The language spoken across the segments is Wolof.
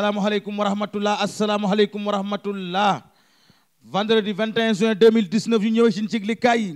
asalaamaaleykum wa rahmatullah asalaamaaleykum wa rahmatullah vendredi 21 juin 2019 ñu ñëwee si yëglikaay yi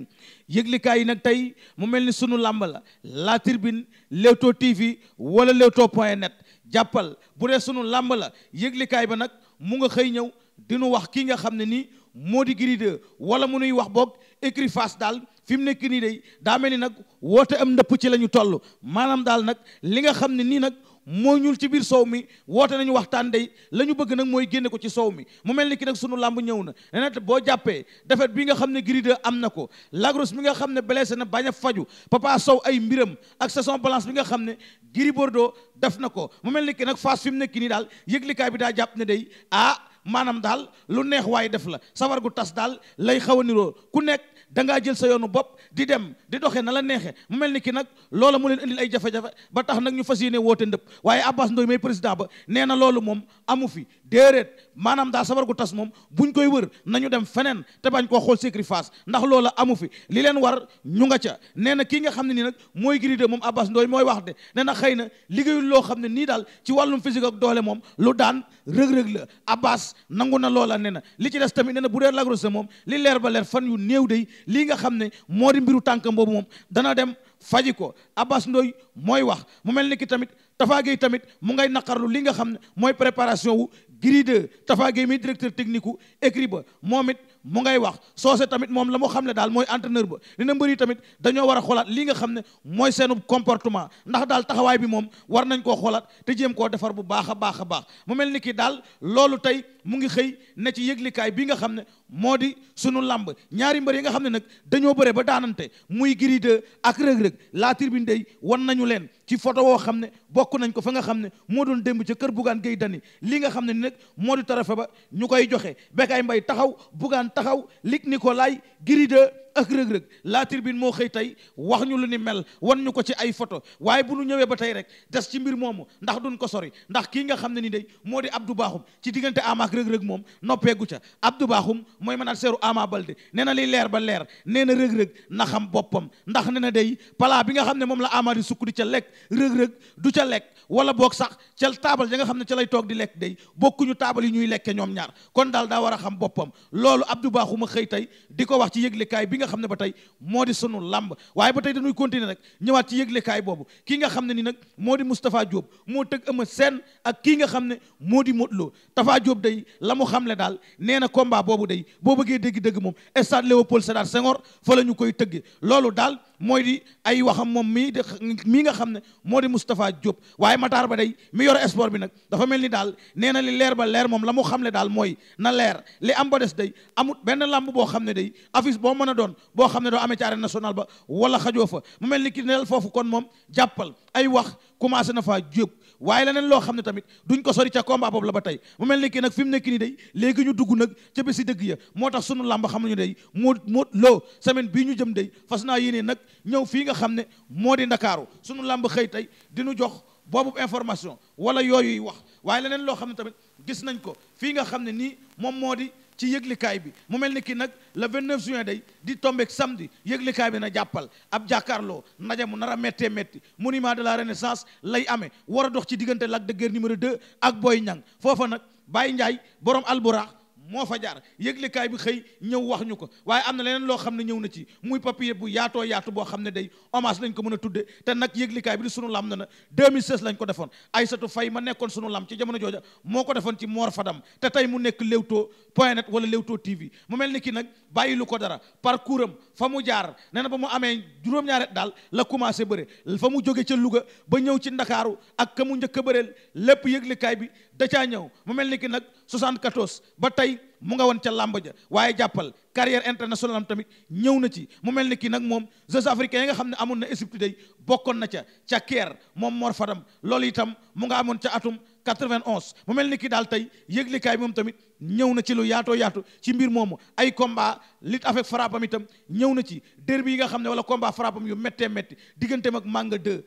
yëglikaay yi nag tey mu mel ni sunu làmb la la tribune Leewtoo TV wala Leewtoo point net jàppal bu dee sunu làmb la yëglikaay ba nag mu nga xëy ñëw dinu wax kii nga xam ne nii moo di Gris 2 wala mu nuy wax boog écrit face daal fi mu nekk nii day daa mel ni nag woote am ndëpp ci la ñu toll maanaam daal nag li nga xam ne nii nag. moo ñuul ci biir soow mi woote nañu waxtaan day la ñu bëgg nag mooy génne ko ci soow mi mu mel ni ki nag sunu làmb ñëw na nee boo jàppee defet bi nga xam ne Gris am na ko Lagros mi nga xam ne blessé na bañ a faju Papa Sow ay mbiram ak sa saison balance bi nga xam ne Gris Bordeaux def na ko mu mel ni ki nag face fi mu nekk nii daal yëglikaay bi daa jàpp ne day ah maanaam daal lu neex waaye def la sawar gu tas daal lay xaw a niroo ku nekk dangaa jël sa yoonu bopp di dem di doxee na la neexee mu mel ni ki nag loola mu leen indil ay jafe-jafe ba tax nag ñu fas yéene woote ndëpp waaye Abbas Ndoye may président ba nee na loolu moom amu fi déedéet maanaam daa sabar gu tas moom buñ koy wër nañu dem feneen te bañ koo xool sacrifice ndax loola amu fi li leen war ñu nga ca nee na kii nga xam ne nii nag mooy Gris moom Abbas Ndoye mooy wax de nee na xëy na liggéeyul loo xam ne nii daal ci wàllum physique ak doole moom lu daan rëg-rëg la Abbas nangu na loola nee na li ci des tamit nee na bu dee Lac Rose moom li leer ba leer fan yu néew day lii nga xam ne moo di mbiru tànkam boobu moom dana dem faji ko Abbas Ndoy mooy wax mu mel ni ki tamit Tafa tamit mu ngay naqarlu li nga xam ne mooy préparation wu Gris 2 Tafa mi directeur technique u écrit ba moom it mu ngay wax soose tamit moom la moo xam ne daal mooy entraîneur ba li ne mbër yi tamit dañoo war a xoolaat li nga xam ne mooy seenu comportement ndax daal taxawaay bi moom war nañ koo xoolaat te jéem koo defar bu baax a baax a baax mu mel ni kii daal loolu tey mu ngi xëy ne ci yëglikaay bi nga xam ne moo di sunu làmb ñaari mbër yi nga xam ne nag dañoo bëre ba daanante muy Gris 2 ak rëg-rëg laa tribune day wan nañu leen ci photo woo xam ne bokk nañ ko fa nga xam ne moo doon démb ca kër Bougane Gueye Dany lii nga xam ne ni nag moo di tarafe ba ñu koy joxe Bécaye mbay taxaw Bougane taxaw Luc Nicolaï Gris 2 ak rëg-rëg la tribune moo xëy tey wax ñu lu ni mel wan ñu ko ci ay photo waaye bu ñu ñëwee ba tey rek des ci mbir moomu ndax duñ ko sori ndax kii nga xam ne ni day moo di Abdou Bakhoum ci diggante Ama ak rëg-rëg moom noppeegu ca Abdou baaxum mooy mënaat seeru Ama Baldé nee na li leer ba leer nee na rëg-rëg na xam boppam ndax nee na day palaa bi nga xam ne moom la Ama di sukk di ca lekk rëg-rëg du ca lekk wala boog sax cel taabal ya nga xam ne ca lay toog di lekk day bokkuñu taabal yi ñuy lekke ñoom ñaar kon daal daa war a xam boppam loolu Abdou Bakhouma xëy tey di ko wax ci yëglekaay bi nga xam ne ba tey moo di sunu làmb waaye ba tey dañuy continuer rek ñëwaat ci yëglekaay boobu ki nga xam ne ni nag moo di Moustapha Diop moo tëg Eumeu seen ak ki nga xam ne moo di Modou loo Tafa Diop day la mu xamle daal nee na combat boobu day boo bëggee dégg dëgg moom stade Léopold Sédar Senghor fa la ñu koy tëgge loolu daal mooy di ay waxam moom mii de mii nga xam ne moo di Moustapha Diop waaye Matar ba day mi yor sport bi nag dafa mel ni daal nee na li leer ba leer moom la mu xamle daal mooy na leer li am ba des day amut benn làmb boo xam ne day affiche boo mën a doon boo xam ne doo ame ci national ba wala xajoo fa mu mel ni ki neel foofu kon moom jàppal ay wax commencé na faa jóg waaye leneen loo xam ne tamit duñ ko sori ca combat boobu la ba tey mu mel ni kii nag fi mu nekk nii day léegi ñu dugg nag ca bési dëgg ya moo tax suñu làmb xamuñu day moo moo loo semaine bii ñu jëm day fas naa yéene nag ñëw fii nga xam ne moo di ndakaaru suñu làmb xëy tey diñu jox boobu information wala yooyuy wax waaye leneen loo xam ne tamit gis nañ ko fii nga xam ne nii moom moo di ci yëglikaay bi mu mel ni ki nag le 29 juin day di tombeek samedi yëglikaay bi na jàppal ab jàkkaarloo ndaje mu nar a méttee mu monument de la renaissance lay ame war a dox ci diggante Lac de Guiers numéro 2 ak booy Niang foofa nag Baye Ndiaye borom alburax moo fa jaar yëglekaay bi xëy ñëw wax ñu ko waaye am na leneen loo xam ne ñëw na ci muy papier bu yaatoo yaatu boo xam ne day hommage lañ ko mën a tudde te nag yëglekaay bi di sunu lam na na 2016 lañ ko defoon Aysatu Fay ma nekkoon sunu lam ci jamono jooja moo ko defoon ci Mor Fadam te tey mu nekk Leewtoo point net wala Leewtoo TV mu mel ni ki nag bàyyi ko dara parcours am fa mu jaar nee na ba mu amee juróom-ñaaret daal la commencé bëre fa mu jóge ca Louga ba ñëw ci Ndakaaru ak ka mu njëkk a bëreel lépp yëglekaay bi da caa ñëw mu mel ni ki nag 74 ba tey mu nga woon ca làmb ja waaye jàppal carrière internationale am tamit ñëw na ci mu mel ni kii nag moom Jeux africains yi nga xam ne amoon na Égypte day bokkoon na ca ca Caire moom Mor Fadam loolu itam mu nga amoon ca atum 91 mu mel ni kii daal tey yëglikaay moom tamit ñëw na ci lu yaatoo yaatu ci mbir moomu ay combat lutte avec frappe am itam ñëw na ci derby yi nga xam ne wala combat frappe am yu méttee métti digganteem ak Manga 2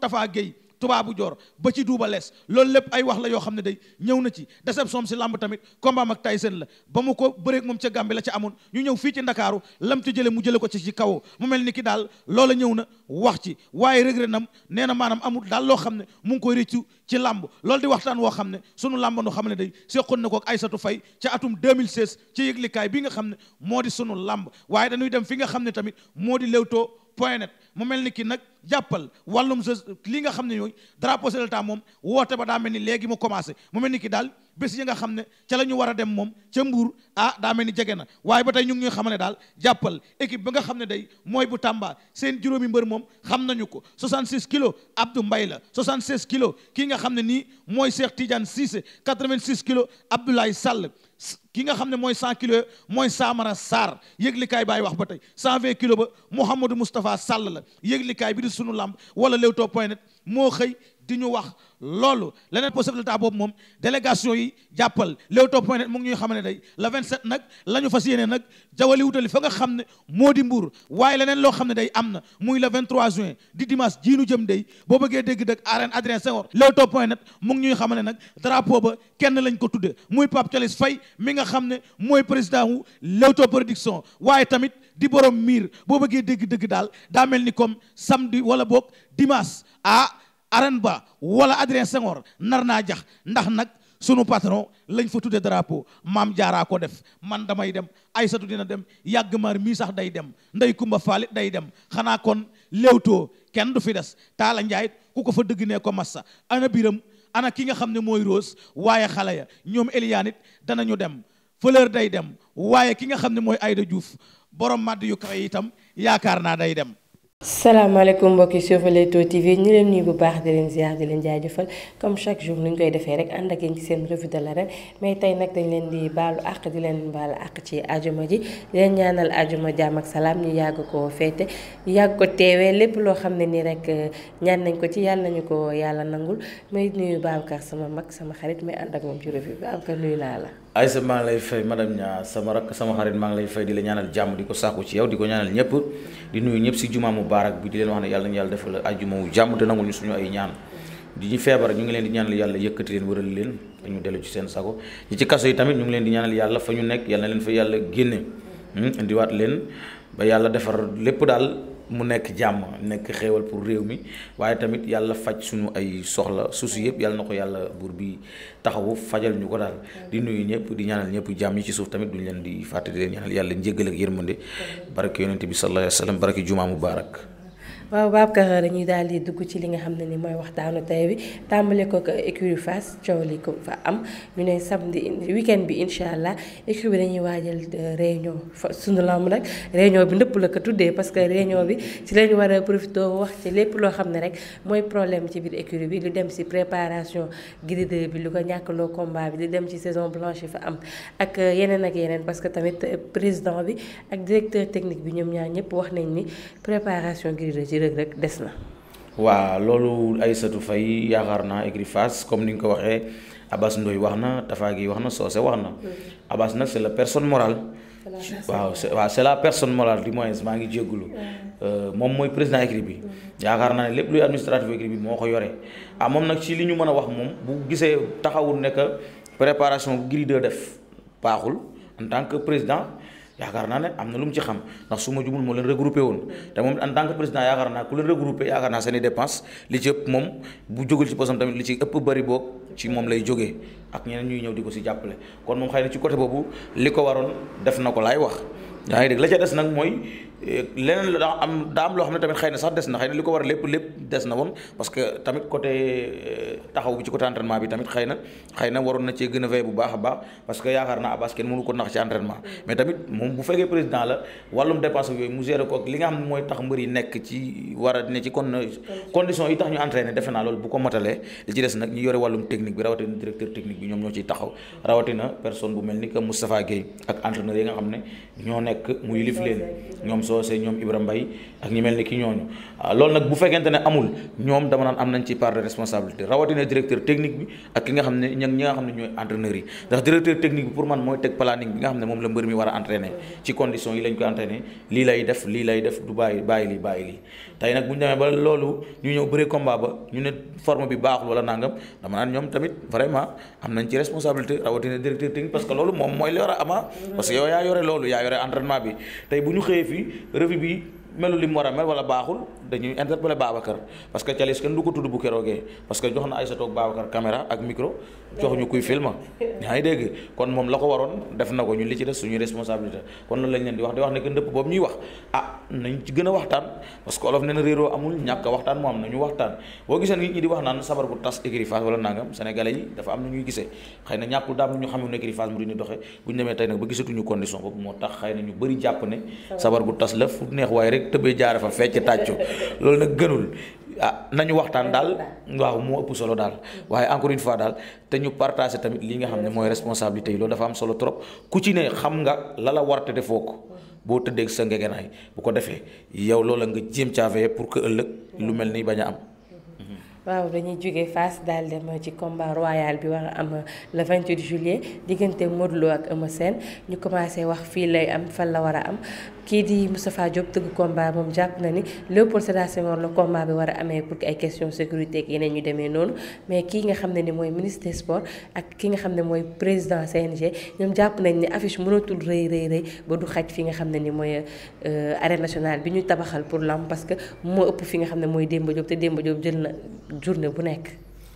Tafa Gueye tubaabu joor ba ci duuba lees loolu lépp ay wax la yoo xam ne day ñëw na ci déception si làmb tamit combat ak Tyson la ba mu ko bëreeg moom ca Gàmbi la ca amoon ñu ñëw fii ci ndakaaru lam ci jële mu jële ko ci ci kaw mu mel ni ki daal loola ñëw na wax ci waaye regret nam nee na maanaam amul daal loo xam ne mu ngi koy réccu ci làmb loolu di waxtaan woo xam ne sunu làmb noo xam ne day seqoon na ko ak Aysatu Fay ca atum 2016 ci yëglikaay bi nga xam ne moo di sunu làmb waaye dañuy dem fi nga xam ne tamit moo di Leewtoo point net mu mel ni ki nag jàppal wàllum sa li nga xam ne ñooy drapeau c'est l'État moom woote ba daa mel ni léegi mu commencé mu mel ni ki daal bés yi nga xam ne ca la ñu war a dem moom ca mbuur ah daa mel ni jege na waaye ba tey ñu ngi ñuy xamal ne daal jàppal équipe bi nga xam ne day mooy bu Tamba seen juróomi mbër moom xam nañu ko 66 kilos Abdou Mbaye la 76 kilos kii nga xam ne nii mooy Cheikh Tidiane Cissé 86 kilos Abdoulaye Sall ki nga xam ne mooy 100 kilos mooy Samara Sarr yëglikaay baay wax ba tey 120 kilos ba Mouhamadou Moustapha Sall la yëglikaay bi sunu làmp wala Leewtoo point net moo xëy di ñu wax loolu leneen possibilité boobu moom délégation yi jàppal Leewtoo point net mu ñuy xam ne day le 27 nag la fa fas yéene nag jawali wutali fa nga xam ne moo di mbuur waaye leneen loo xam ne day am na muy le 23 juin di dimanche jii nu jëm day boo bëggee dégg dëgg arène Adrien Senghor Leewtoo point net mu ngi ñuy xam ne nag drapeau ba kenn lañ ko tudde muy Pape Thialis Faye mi nga xam ne mooy président wu Leewtoo production di borom miir boo bëggee dégg-dëgg daal daa mel ni comme samedi wala boog dimanche ah arène ba wala Adrien Senghor nar naa jax ndax nag sunu patron lañ fa tudde drapeau maam jaaraa ko def man damay dem ay Aysatu dina dem yàgg maar mii sax day dem nday kumba faalit day dem xanaa kon Leewtoo kenn du fi des Taala Njaay ku ko fa dëgg nee ko massa ana biram ana ki nga xam ne mooy Rose waaye xale ya ñoom Eliane danañu dem Fleur day dem waaye ki nga xam ne mooy Aïda Diouf borom màdd yu kawe itam yaakaar naa day dem. salaamaaleykum mbokki suuf Leewtoo TV ñu leen nii bu baax di leen ziar di leen jaajëfal comme chaque jour ni ñu koy defee rek ànd ak yéen ci seen revue de l'arène mais tey nag dañ leen di baalu àq di leen baalu àq ci ajuma ji di leen ñaanal ajuma jàmm ak salaam ñu yàgg ko féete yàgg ko teewee lépp loo xam ne nii rek euh, ñaan nañ ko ci yàlla nañu ko yàlla nangul may nuyu Babacar sama mag sama xarit may ànd ak moom ci revue Babacar nuyu la. Aïssa maa ngi lay fay madame Nia sama rakk sama xarit maa ngi lay fay di la ñaanal jàmm di ko sàkku ci yow di ko ñaanal ñëpp di nuyu ñëpp si jumaa mubaarak bi di leen wax ne yàlla nañu yàlla defal ajjuma wu jàmm te nangul ñu suñu ay ñaan di ñu feebar ñu ngi leen di ñaanal yàlla yëkkati leen wëral leen dañu dellu ci seen sago ñi ci kaso yi tamit ñu ngi leen di ñaanal yàlla fa ñu nekk yàlla na leen fa yàlla génne hmm, indiwaat leen ba yàlla defar lépp daal mu nekk jàmm nekk xéewal pour réew mi waaye tamit yàlla faj suñu ay soxla suus yëpp yàlla na ko yàlla buur bi taxawu fajal ñu ko daal di nuyu ñëpp di ñaanal ñëpp jàmm ñi ci suuf tamit duñ leen di fàtte di leen ñaanal yàlla njéggal ak yërmande barke yonente bi sallallahu alayhi wa sallam barke jumaa mubaarak waaw Babacar dañuy daal di dugg ci li nga xam ne ni mooy waxtaanu tey bi tàmbale ko ko écurie Fass coow li ko fa am ñu ne samedi weekend bi incha allah écurie bi dañuy waajal euh, réunion fa sunu lamb nag réunion bi nëpp la ko tuddee parce que réunion bi ci lañu war a profité wax ci lépp loo xam ne rek mooy problème ci biir écurie bi lu dem si préparation gridé bi lu ko ñàkkloo combat bi lu dem ci saison blanche fa am ak euh, yeneen ak yeneen parce que tamit euh, président bi ak directeur technique bi ñoom ñaar ñëpp wax nañ ni préparation gridé rek rek des na. waaw loolu Aïssatou Faye yaakaar naa écurie Fass comme ni nga ko waxee Abass Ndoye wax na Tafa gi wax na Socé wax na. Mm-hmm. Abass nag c'est la personne morale. waaw c'est waaw c'est la personne morale du moins maa ngi jéggulu euh, moom mooy président écurie bi mm-hmm. yaakaar naa ne lépp luy administratif écurie bi moo ko yore ah moom nag ci li ñu mën a wax moom bu gisee taxawul ne préparation bu def baaxul en tant que président. yaakaar naa ne am na lu mu ci xam ndax su ma jumul moo leen regroupé woon te moom en tant que président yaakaar naa ku leen regroupé yaakaar naa seen i dépense li ci ëpp moom bu jógul ci posam tamit li ci ëpp bëri boog ci moom lay jógee ak ñeneen ñuy ñëw di ko si jàppale kon moom xëy na ci coté boobu li ko waroon def na ko laay wax yaa ngi dégg la ca des nag mooy eh, leneen la am daa loo xam ne tamit xëy na sax des na xëy na li ko war lépp lépp des na woon parce que tamit côté eh, taxaw bi ci côté entraînement bi tamit na xëy na waroon na cee gën a veille bu baax a baax parce yaakaar naa Abbas kenn mënu ko nax ci entraînement mm. mais tamit moom bu fekkee président yooyu mu géré ko ak li nga xam ne mooy tax mbër yi nekk ci war a ne ci kon condition yi tax ñu entraîné defe naa loolu bu ko motalee li ci des nag ñu yore wàllum technique bi rawatina directeur technique bi ñoom ñoo ciy taxaw mm. rawatina personne bu mel ni que Moustapha Guèye ak entraîneur yi nga xam ne ñoo nekk mu yilif leen ñoom Socé ñoom Ibra mbay ak ñi mel ni ki ñooñu ah, loolu nag bu fekkente ne amul ñoom dama naan am nañ ci part de responsabilité rawatina directeur technique bi ak ki nga xam ne ña ñi nga xam ne ñooy entraîneurs yi ndax directeur technique bi pour man mooy teg planning bi nga xam ne moom la mbër mi war a entraîner ci condition yi lañ ko entraîner lii lay def lii lay def du bàyyi bàyyi lii bàyyi lii tey nag bu ñu ba loolu ñu ñëw bëri combat ba ñu ne forme bi baaxul wala nangam dama naan ñoom tamit vraiment am nañ ci responsabilité rawatina directeur technique parce que loolu moom mooy li war a ama ah. mm-hmm. parce que yow yaa yore loolu yaa yore entraînement bi tey bu ñu xëyee fii revue bi melu li mu war a mel wala baaxul dañuy interpellé Babacar parce que Thialis kenn du ko tudd bu keroogee parce que jox na ay sa toog Babacar caméra ak micro ñu kuy film yaa ngi dégg kon moom la ko waroon def na ko ñu li ci des suñu responsabilité kon loolu lañ leen di wax di wax ne que boobu ñuy wax ah gën a waxtaan parce que olof nee na réeroo amul ñàkk waxtaan moo am na ñu waxtaan boo gisee nit ñi di wax naan bu tas écurie Fass wala nangam sénégalais yi am na ñuy gisee xëy na ñàkkul daam ñu xamee ne écurie Fass mu du ñu doxee bu ñu demee tey nag ba gisatuñu condition boobu moo tax xay na ñu bëri jàpp ne sabar bu tas la fu neex waaye rek tëbee jaare fa fecc tàccu loolu nag gënul ah nañu waxtaan daal waaw moo ëpp solo daal waaye encore une fois daal te ñu partagé tamit li nga xam ne mooy responsabilité yi loolu dafa am solo trop ku ci ne xam nga la la warte defoo ko boo tëddee sa ngegenaay bu ko defee yow loola nga jéem caafee pour que ëllëg lu mel ni bañ a am waaw dañuy jóge Fass daal dem ci combat royal bi war a am euh, le 28 juillet diggante Modou Lo ak Eumeu Sène ñu commencé wax fii lay am fan la war a am kii di Moustapha Diop tëgg combat moom jàpp na ni Léopold Sédar Senghor la combat bi war a amee pour ay question sécurité ak ñu demee noonu mais kii nga xam ne ni mooy ministre des sports ak ki xam ne mooy président CNG ñoom jàpp nañ ni affiche mënatul rëy rëy rëy ba du xaj fi nga xam ne ni mooy euh, arène nationale bi ñu tabaxal pour lam parce que moo ëpp fi nga xam ne mooy démba Diop te Demba Diop jël na journée bu nekk.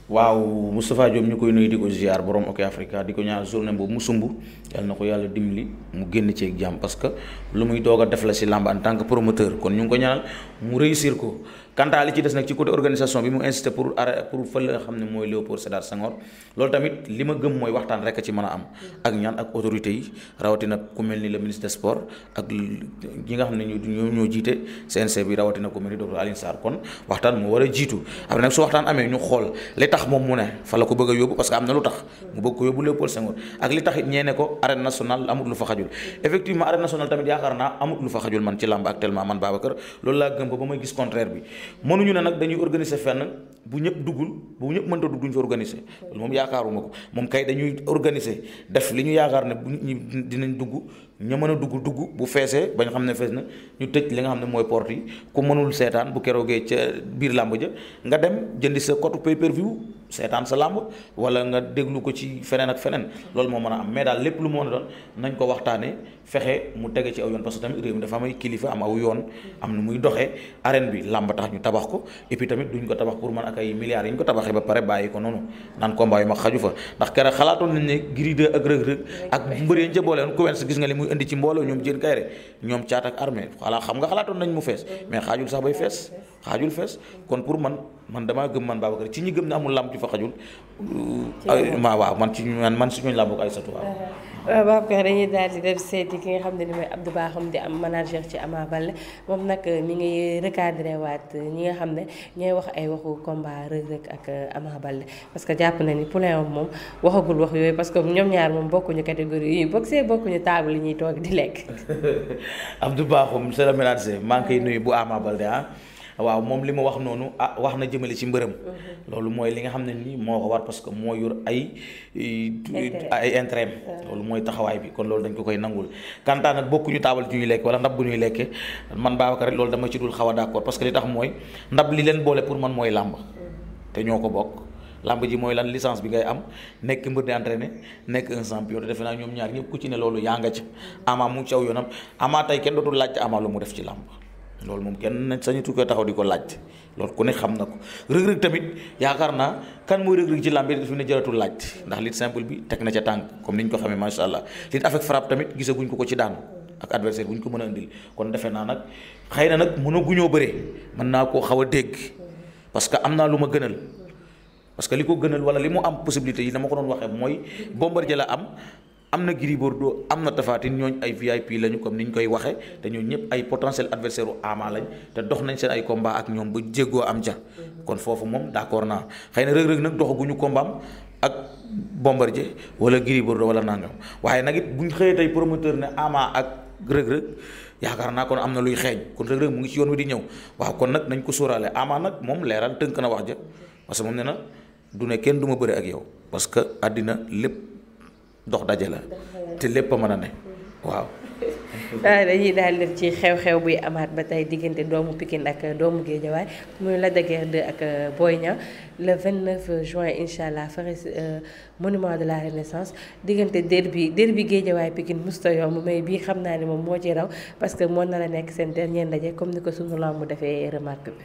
waaw Moustapha Diop ñu koy nuyu di ko ziar borom OK Africa di ko ñaan journée boobu mu sumb yàlla na ko yàlla dimbali mu génn ci jàmm parce que lu muy doog a def la si làmb en tant que promoteur kon ñu ngi ko ñaanal mu réussir ko. Kanta li ci des nag ci côté organisation bi mu insisté pour ara pour fële nga xam ne mooy Léopold Sédar Senghor loolu tamit li ma gëm mooy waxtaan rek ci mën a am. ak ñaan ak autorités yi rawatina ku mel ni le ministre des sports nga xam ne ñoo ñoo jiite CNC bi rawatina ku mel ni docteur Alioune waxtaan moo jiitu après nag su waxtaan amee ñu xool li tax moom mu ne ko bëgg a yóbbu parce que na lu tax mu bëgg ko yóbbu ko arène nationale amut lu fa xajul effectivement arène nationale tamit yaakaar naa amut lu fa xajul man ci làmb actuellement man Babacar loolu laa gëm ba ba may gis contraire bi mënuñu ne nag dañuy organiser fenn bu ñëpp duggul bu ñëpp mënta dugg duñ fa organiser loolu moom yaakaaruma ko moom kay dañuy organiser def li ñu yaakaar ne bu ñu dinañ dugg ñu mën a dugg dugg bu feesee bañ xam ne fees na ñu tëj li nga xam ne mooy porte ku mënul seetaan bu keroogee ca biir làmb ja nga dem jëndi sa cote pay per seetaan sa làmb wala nga déglu ko ci feneen ak feneen loolu moo mën am mais lépp lu mu mën a doon nañ ko waxtaanee fexe mu tege ci aw yoon parce que tamit réew mi dafa am kilifa am aw yoon am nu muy doxee arène bi làmb tax ñu tabax ko et tamit duñ ko tabax pour mën daanaka ay milliards yi ñu ko tabaxee ba pare bàyyi ko noonu naan combat yu mag xaju fa ndax keroog xalaatoon nañ ne Gris 2 ak Reug Reug ak mbër yi ñu ca boole woon gis nga li muy indi ci mbooloo ñoom jën kay rek ñoom caata ak armée xalaa xam nga xalaatoon nañ mu fees mais xaajul sax bay fees xaajul fees kon pour man man damaa gëm man Babacar ci ñi gëm ne amul lamb ci fa xajul ma waaw man ci ñu man man suñu làmb ko ay satu Babacar dañuy daal di seet seeti ki nga xam ne ni mooy Abdou Bakhoum di am manager ci Ama Baldé moom nag mi ngi recadré waat ñi nga xam ne ñooy wax ay waxu combat Reug Reug ak Ama Baldé parce que jàpp na ni poulain moom waxagul wax yooyu parce que ñoom ñaar moom bokkuñu catégorie yi boxee bokkuñu table yi ñuy toog di lekk. Abdou Bakhoum c'est le manager maa ngi koy nuyu bu Ama Baldé ah. waaw moom li ma wax noonu ah wax na jëmale ci mbërëm mhm. loolu mooy li nga xam ne nii moo ko war parce que moo yor ay ay intérêt loolu mooy taxawaay bi kon loolu dañ ko koy nangul kantaa nag bokkuñu taabal ju ñuy lekk wala ndab bu ñuy lekke man Babacar rek loolu dama ci dul xaw a d'accord parce que li tax mooy ndab li leen boole pour man mooy làmb mhm. te ñoo ko bokk lamb ji mooy lan licence bi ngay am nekk mbër di entraîné nekk un champion defe naa ñoom ñaar ñëpp ku ci ne loolu yaa nga ci mhm. ama mu caw yoonam ama tey kenn dootul laajte ama lu def ci làmb loolu moom kenn nañ sañatu ko taxaw di ko laaj loolu ko ne xam na ko rëg-rëg tamit yaakaar naa kan mooy rëg-rëg ci làmb fi ne jaratul laaj ndax lit simple bi teg na ca tànk comme li ñu ko xamee macha allah lit avec frappe tamit gisaguñ ko ko ci daan ak adversaire bu ñu ko mën a indil kon defe naa nag xëy na nag mën a guñoo bëre mën naa koo xaw a dégg parce que am naa lu ma gënal parce que li ko gënal wala li mu am possibilité yi dama ko doon waxee mooy bombardier la am am na Gris Bordeaux am na Tapha ñooñ ay VIP lañu comme ni ñu koy waxe te ñooñu ñëpp ay potentiel adversaire u Ama lañ te dox nañ seen ay combat ak ñoom ba jéggoo am ja kon foofu moom d'accord naa xëy na Reug Reug nag doxaguñu combat ak Bombardier wala Gris Bordeaux wala nangam waaye nag it xëyee tey promoteur ne Ama ak Reug Reug yaakaar naa kon am na luy xeeñ kon Reug Reug mu ngi ci yoon wi di ñëw waaw kon nag nañ ko sóoraale Ama nag moom leeral tënk na wax ja parce que moom nee na du ne kenn du ma bëre ak yow parce que àddina lépp dox daje la te lépp a mën a ne waaw daal ah, dañuy daal def ci xew-xew buy amaat ba tey diggante doomu Pikine ak doomu Géejawaay muy Lac de Guiers 2 ak euh, Boy Niang le 29 juin incha allah fare euh, monument de la renaissance diggante derby derby Géejawaay Pikine musta yomb mais bii xam naa ne moom moo ci raw parce que moo na a nekk seen dernier ndaje comme ni ko sunu lamb mu defee remarque bi.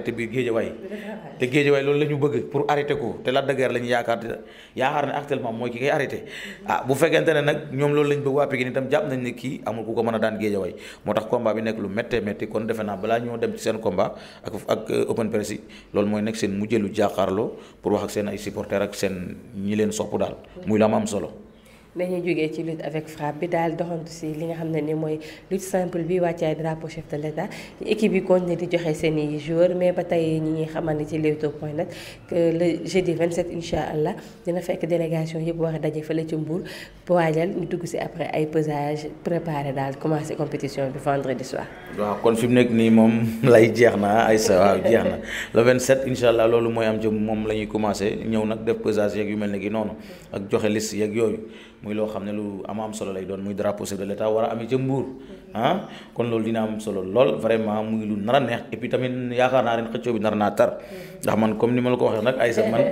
arrêté biir Géejawaay te Géejawaay loolu la ñu bëgg pour arrêté ko te Lac de Guiers la ñu yaakaar yaakaar ne actuellement mooy ki koy arrêté ah bu fekkente ne nag ñoom loolu la ñu bëgg waa Pikine itam jàpp nañ ne kii amul ku ko mën a daan Géejawaay moo tax combat bi nekk lu méttee métti kon defe naa balaa ñoo dem ci seen combat ak ak euh, open press yi loolu mooy nekk seen mujjëlu jàkkaarloo pour wax ak seen ay supporters ak seen ñi leen sopp daal muy la am am solo nañuy jógee ci lutte avec frappe bi daal doxantu si li nga xam ne ni mooy lutte simple bi wàccaay drapeau chef de l'état équipe yi continué di joxe seen i joueurs mais ba tey ñi ñuy xamal ne ci Leewtoo point net que le jeudi 27 incha allah fekk délégation yëpp war a daje fële ci Mbour waajal ñu dugg si après ay pesage préparé daal commencé compétition bi vendredi soir. waaw kon fi mu nii moom lay jeex na ay sa waaw jeex na le 27 incha allah loolu mooy am ci moom la ñuy commencé ñëw nag def pesage yeeg yu mel ne gi noonu ak joxe liste yeeg yooyu. muy loo xam ne lu am am solo lay doon muy drapeau chef de l' état war a amee ca Mbour ah kon loolu dina am solo lool vraiment muy lu nar a neex et puis tamit yaakaar naa ren comme ni ma ko waxee nag ay sa man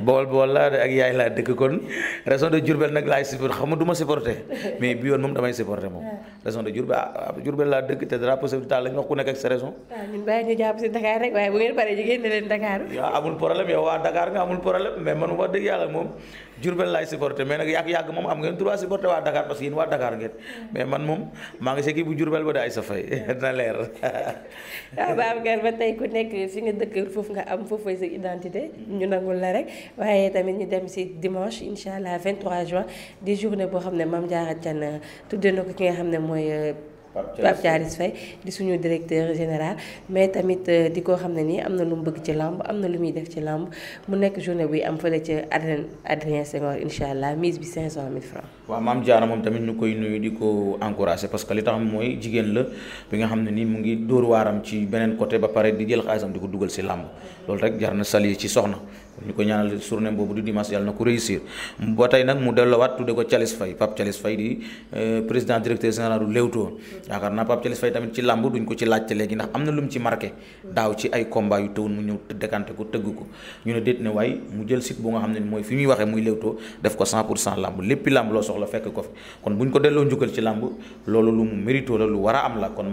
bool bool laa ak yaay laa dëkk kon région de Diourbel nag laay supporté xam nga du ma supporté mais bi yoon moom damay supporté moom ah. région de Diourbel ah Diourbel laa dëkk te drapeau chef de wax ku nekk ak sa région. Ah, ñun bàyyi ñu jàpp si Dakar rek waaye bu paree ñu génne leen Dakar. yow amul problème Diourbel laay supporté mais nag yàgg-yàgg moom am ngeen droit supporté waa Dakar parce que yéen waa Dakar ngeen mais man moom maa ngi si kii bu Diourbel ba daay sa fay na leer. waaw ah, Babacar ba tey ku nekk fi nga dëkk foofu nga am foofu sa identité ñu nangul la rek waaye tamit ñu dem si dimanche incha allah 23 juin di journée boo xam ne Mame Diarra a tudde na ko ki nga xam ne mooy. Euh, Pape Thialis Faye di suñu directeur général mais tamit euh, di ko xam ne nii am na lu mu bëgg ci làmb am na lu muy def ci làmb mu nekk journée buy am fële ci Adrien Adrien Senghor incha allah mise bi 500000 francs waaw maam Diarra moom tamit ñu koy nuyu di ko encouragé parce que li tax mooy jigéen la bi nga xam ne nii mu ngi dóor waaram ci beneen côté ba pare di jël xaalisam di ko dugal si làmb loolu rek jar na saluer ci soxna. ñu ko ñaanal journée boobu du dimanche yàlla na ko réussir ba tey nag mu delloowaat tudde ko Thialis Faye Pape Thialis Faye di euh, président directeur général du Leewtoo yaakaar naa Pape Thialis Faye tamit ci làmb duñ ko ci laajte léegi ndax am na lu mu ci marqué daaw ci ay combat yu tëwoon mu ñëw décanté ko tëgg ko ñu ne déet ne waaye mu jël site bu nga xam ne mooy fi muy waxee muy Leewtoo def ko 100 pour cent làmb léppi làmb loo soxla fekk ko fi kon buñ la lu a am la kon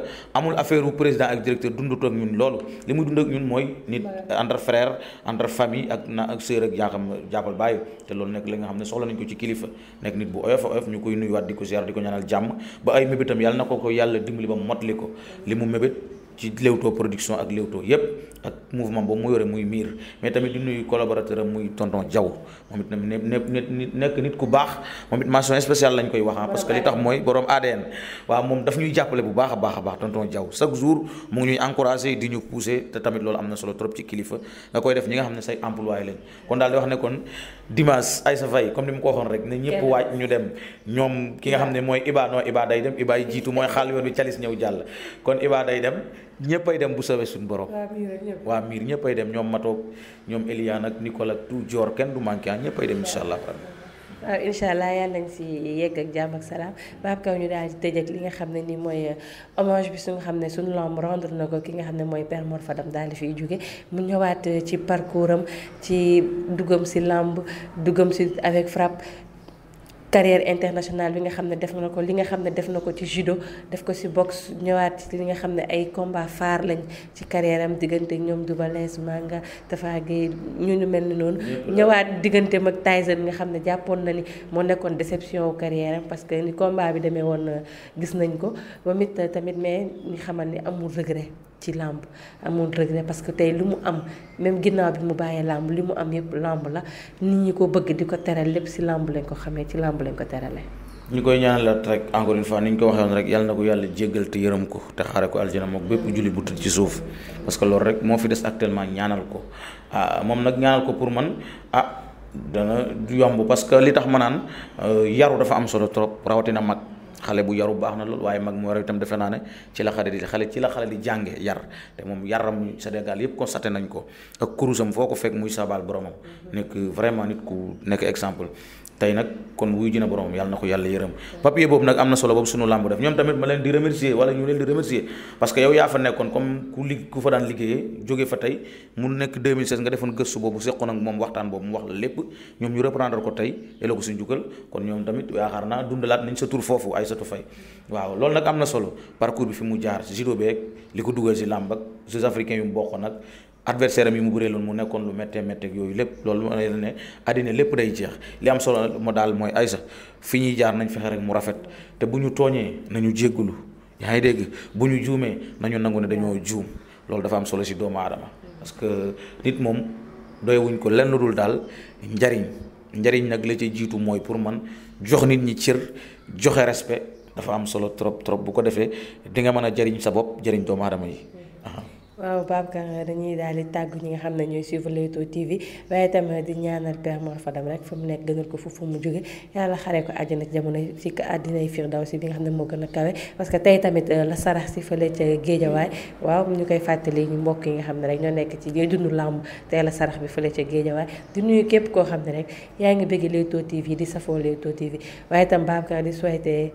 la amul affaire u président ak directeur dundut ak ñun loolu li mu dund ak ñun mooy nit entre frère entre famille ak na ak sœur ak yaa xam jàppal bàyyi te loolu nekk li nga xam ne soxla nañ ko ci kilifa nekk nit bu oyof oyof ñu koy nuyuwaat di ko ziar di ko ñaanal jàmm ba ay mébétam yàlla na ko ko yàlla dimbali ba motli ko li mu mébét ci Leewtoo production ak Leewtoo yépp ak mouvement boobu mu yore muy miir mais tamit di nuyu collaborateur am muy tonton Diaw moom it lañ koy wax parce que li tax mooy borom ADN waaw moom daf ñuy jàppale bu baax a baax a baax tonton Diaw am na solo trop ci kilifa nga koy def ñi nga xam ne say employé ñu dem ki nga xam ne mooy Iba non Iba day dem Iba yi jiitu mooy xaal yoon bi calis ñëw jàll kon Iba day dem ñëppay dem bu sawee suñu borom. waa miir ñëppay dem ñoom mato ñoom Eliane ak Nicole ak tout Dior kenn du manqué ah ñëppay dem incha allah. waaw incha allah yàlla nañ si yegg ak jàmm ak salaam baab kaw ñu daal di tëj ak li nga xam ne nii mooy euh, hommage bi su nga xam ne suñu lamb rendre na ko ki nga xam ne mooy Père Mor Fadam daal di fiy jóge mu ñëwaat euh, ci parcours am ci dugam si làmb dugam si avec frappe carrière internationale bi nga xam ne def na ko li nga xam ne def na ko ci judo def ko ci boxe ñëwaat ci li nga xam ne ay combat phare lañ ci carrière am diggante ñoom Double Less Manga Tapha Gueye ñu ñu mel ni noonu. ñëwaat diggante mag Tyson nga xam ne jàppoon na ni moo nekkoon déception wu carrière parce que ni combat bi demee woon gis nañ ko ba mit tamit mais ñu xamal ni amul regret. ci làmb amul regret parce que tey lu mu am même ginnaaw bi mu bàyyee làmb li mu am yëpp làmb la nit ñi ko bëgg di ko teral lépp si làmb lañ ko xamee ci làmb lañ ko terale ñu koy ñaanal rek encore une fois ni ñu ko waxee woon rek yàlla na ko yàlla jéggal te yërëm ko te xaare ko aljana mook bépp julli bu tëdd ci suuf parce que loolu rek moo fi des actuellement ñaanal ko ah moom nag ñaanal ko pour man ah dana yomb parce que li tax ma naan euh, yaru dafa am solo trop rawatina mag. xale bu yaru baax na lool waaye mag moo rew itam defe naa ne ci la xale xale ci la xale di jànge yar te moom yaram Sénégal yëpp constaté nañ ko ak kurusam foo ko fekk muy sabal boromam mm-hmm. nekk vraiment nit ku nekk exemple tey nag kon wuyu ji na boromam yàlla na ko yàlla yërëm papier boobu nag am na solo boobu sunu làmb def ñoom tamit ma leen di remercier wala ñu leen di remercier parce que yow yaa fa nekkoon comme ku lig ku fa daan liggéeyee jóge fa tey mu nekk nga defoon gëstu boobu seqoon ak moom waxtaan boobu mu wax la lépp ñoom ñu reprendre ko tey elo ko suñ jugal kon ñoom tamit yaakaar naa dundalaat nañ sa tur foofu ay sa fay waaw loolu nag am na solo parcours bi fi mu jaar judo beeg li ko dugal si làmb ak jeux africains yu mu bokk adversaire am yi mu bëree loon mu nekkoon lu méttee métteeg yooyu lépp loolu mooy ne àddina lépp day jeex li am solo ma daal mooy aysa fi ñuy jaar nañ fexe rek mu rafet te bu ñu tooñee nañu jéggulu yaa ngi dégg bu ñu juumee nañu nangu ne dañoo juum loolu dafa am solo si doomu aadama parce que nit moom doy wuñ ko lenn dul daal njariñ njariñ nag la ci jiitu mooy pour man jox nit ñi cër joxe respe dafa am solo trop trop bu ko defee di nga mën a jariñ sa bopp jariñ doomu aadama yi waaw Babacar dañuy daal di tàggu ñi nga xam ne ñooy suivre Leewtoo TV waaye tam di ñaanal Père Mor Fadam rek fu mu nekk gënal ko fu mu jóge yàlla xaree ko àjjana jamono ci àddinay Firdawsi bi nga xam ne moo gën a parce que tey tamit euh, la sarax si fële ca Géejawaay waaw ñu koy fàttali ñu mbokk yi nga xam ne rek ñoo nekk ci ñooy dund làmb tey sarax bi fële ca Géejawaay di nuyu képp koo xam ne rek yaa ngi bëgg Leewtoo TV di safoo Leewtoo TV waaye tam Babacar di tee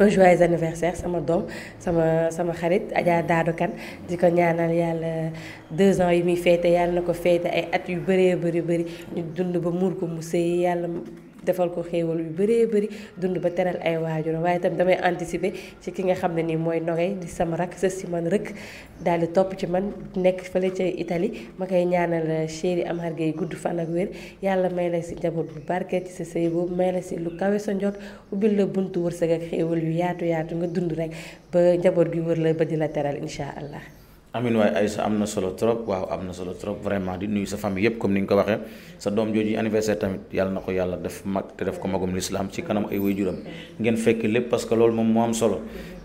un joyeux anniversaire sama doom sama sama xarit Adja Daado Kan di ko ñaanal yàlla deux ans yi muy féete yàlla na ko féete ay at yu bëree bëri bëri ñu dund ba muur ko mu sëy yàlla defal ko xéewal yu bëree bëri dund ba teral ay waajuram waaye itam damay anticiper ci ki nga xam ne nii mooy ndoxe di sama rak sa si man rëkk daal di topp ci man nekk fële ci itali ma koy ñaanal euh, chéri am xar gay gudd fan ak wér yàlla may la si njaboot bu barke ci sa sëy boobu may la si lu kawe sa njot ubbil la buntu wërsëg ak xéewal yu yaatu yaatu nga dund rek ba njaboot gi wër la ba di la teral incha allah amin waaye Aïssa am na solo trop waaw am na solo trop vraiment di nuyu sa famille yëpp comme ni nga ko waxee sa doom jooju anniversaire tamit yàlla na ko yàlla def mag te def ko magum lislaam ci kanam ay waajuram ngeen fekk lépp parce que loolu moom moo am solo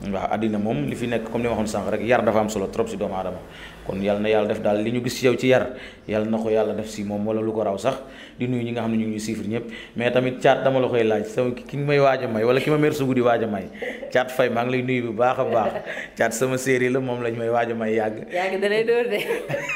waaw àddina moom li fi nekk comme li ma waxoon sànq rek yar dafa am solo trop si doomu aadama kon yàlla na yàlla def daal li ñu gis ci yow ci yar yàlla na ko yàlla def si moom wala lu ko raw sax di nuyu ñi nga xam ne ñu ngi ñuy ñëpp mais tamit caat dama koy laaj sama ki may waaj a may wala ki ma mer di waaj may caat fay maa lay nuyu bu baax a baax caat sama séeréer la moom lañ may may yàgg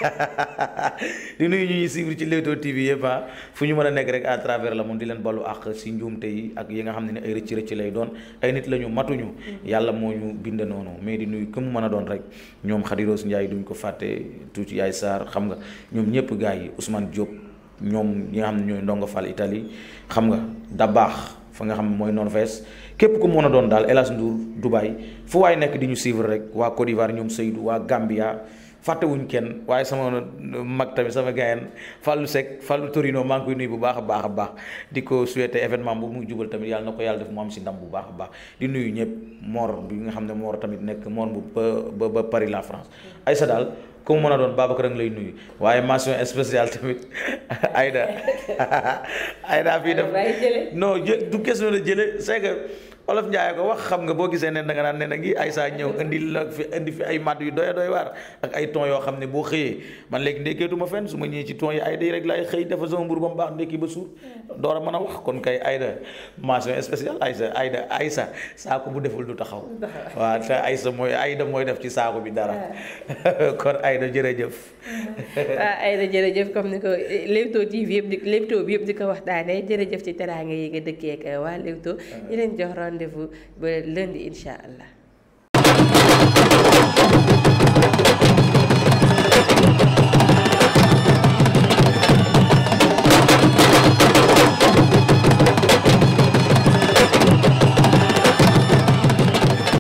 nuyu ñuy suivre ci Leewtoo TV yëpp ah fu ñu mën a nekk rek à travers la moom di leen balu àq si njuumte yi ak yi nga xam ne ay rëcc rëcc lay doon ay nit la ñu matuñu mm-hmm. yàlla moo ñu binda noonu mais di nuyu ku mu mën a doon rek ñoom Khady Rose Ndiaye duñ ko fàtte tuuti yaay Sarr xam nga ñoom ñëpp gars yi Ousmane Diop ñoom ñi nga xam ne ñooy ndongo Fall Italie xam nga da baax fa nga xam mooy Norvège képp ku mën a doon daal El Hadj Ndour Dubaï fu waaye nekk di ñu suivre rek waa Côte d'Ivoire ñoom Seydou waa Gambia fàttewuñ kenn waaye sama mag tamit sama gayan Fallou Seck Fallou Torino maa ngi koy nuyu bu baax a baax a baax di ko souhaiter événement bu mu jubal tamit yàlla na ko yàlla def mu am si ndam bu baax a baax di nuyu ñëpp Mor bi nga xam ne Mor tamit nekk Mor bu ba ba Paris la France ku mu mën a doon Babacar a ngi lay nuyu waaye mention spéciale tamit Aïda Aïda fii def non du question de jële c'est que olof Njaay ko wax xam nga boo gisee ne da nga naan ne nag ay saa ñëw indi la fi indi fi ay matt yu doy doy waar ak ay ton yoo xam ne boo xëyee man léegi ndekkeetuma fenn su ma ñëwee ci ton yi ay day rek laay xëy dafa sama mburu ba mu baax ndekki ba suur hmm. door a mën a wax kon kay Aïda mention spéciale Aïsa Aïda saako bu deful du taxaw waaw te Aïsa mooy da mooy def ci saako bi dara hmm. kon Aïda jërëjëf waaw hmm. a ah, jërëjëf comme ni ko eh, Leewtoo TV yëpp di Leewtoo bi yëpp di ko a jërëjëf ci teraanga yi nga dëkkee ak waa Leewtoo rendez-vous ba lundi incha allah.